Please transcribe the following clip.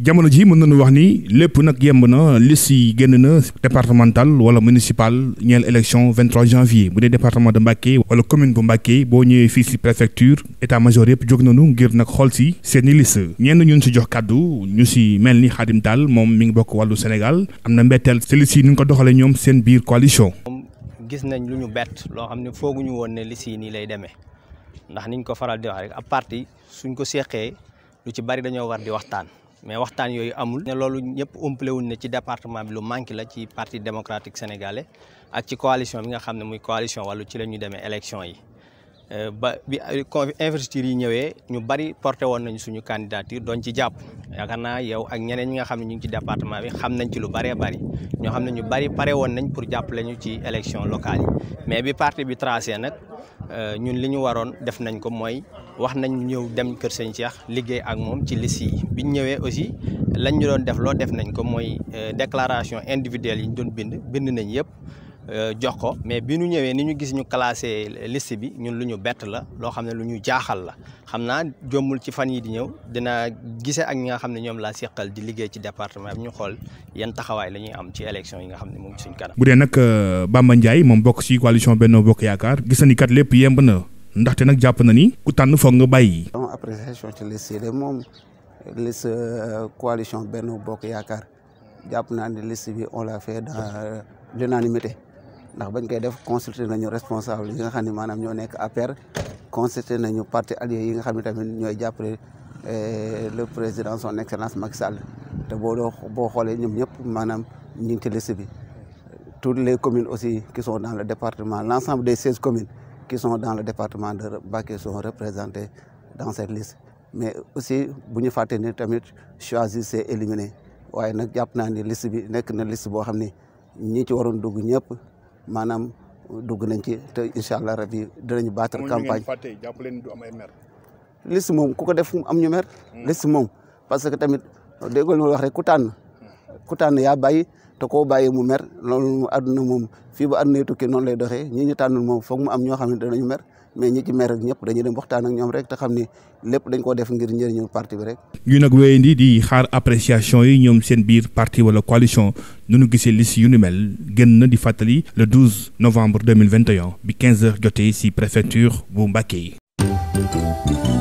jamono ji mën nañu wax ni lépp nag yemb na liste yi génn na départemental wala municipal ñeel élection 23 janvier bu dee département de Mbacké wala commune bu Mbacké boo ñëwee fii si préfecture état major yëpp jóg nañu ngir nag xool si seen i liste ñenn ñun si jox kàddu ñu si mel ni Khadim Tall moom mi ngi bokk wàllu Sénégal am na mbetteel si liste yi ni ñu ko doxalee ñoom seen biir coalition. gis nañ lu ñu bett loo xam ne fooguñu woon ne liste nii lay demee ndax niñ ko faral di parti suñ ko seqee lu ci bari dañoo war waxtaan. mais waxtaan yooyu amul. ne loolu ñëpp umpale wuñ ne ci département bi lu manqué la ci parti démocratique sénégale ak ci coalition bi nga xam ne muy coalition wàllu ci la ñu demee élection yi. Euh, ba bi euh, investiture yi ñëwee ñu bari porté woon nañu suñu candidature doon ci jàpp yaakaar naa yow ak ñeneen ñi nga xam ne ñu ngi ci département bi xam nañ ci lu bëree bari ñoo xam ne ñu bari pare woon nañ pour jàpp ñu ci élection locale yi mais bi partie bi tracé nag euh, ñun li ñu waroon def nañ ko mooy wax nañ ñëw dem Kër Sëñ Cheikh liggéey ak moom ci liste yi biñ ñëwee aussi lañ doon def loo def nañ ko mooy déclaration individuelle yi ñu doon bind bind nañ yëpp. Euh, jox ko mais bi ñu ñëwee ni ñu gis ñu classé liste bi ñun lu ñu bett la loo xam ne lu ñu jaaxal la xam naa jommul ci fan yi di ñëw dina gisee ak ñi nga xam ne ñoom laa seqal di liggéey ci département bi ñu xool yan taxawaay la ñuy am ci élection yi nga xam ne moom suñ kanam. bu dee nag euh, Bamba Ndiaye moom bokk ci coalition Benno Bokk Yaakaar gis na ni kat lépp yemb na ndaxte nag jàpp na ni ku tànn foog nga bàyyi. donc appréciation ci liste yi de moom liste euh, coalition Benno Bokk Yaakaar jàpp naa ne liste bi ndax bañ koy def consulté nañu responsable yi nga xam ne maanaam ñoo nekk APR consulté nañu parti allié yi nga xam ne tamit ñooy jàppale eh, le président son excellence Macky Sall te boo doo boo xoolee ñoom ñëpp maanaam ñu ngi ci liste bi toutes les communes aussi qui sont dans le département l' ensemble des seize communes qui dans le département de Mbacké sont représentées dans cette liste mais aussi bu ñu fàtte ni tamit choisir c'est éliminé waaye nag jàpp naa ni liste bi nekk na liste boo xam ni ñi ci waroon dugg ñëpp maanaam dugg nañ ci te incha allah rabi dinañ battre campagne. liste moom ku ko def am ñu mer. Hmm. liste moom parce que tamit déggoo ma wax rek ku tànn ku tànn yaa bàyyi. te ko bàyyi mu mer loolu àdduna moom fii ba àdduna tukki noonu lay doxee ñi ñu tànnul moom foog mu am ñoo xam ne danañu mer mais ñi ci mer ak ñëpp dañuy dem waxtaan ak ñoom rek te xam ne lépp dañ koo def ngir njëriñu parti bi rek. ñu nag wéyandi di xaar appréciation yi ñoom seen biir parti wala coalition nu nu gisee liste yu nu mel gën na di fàttali le 12 novembre 2021 bi quinze heures jotee ci préfecture bu Mbacké yi.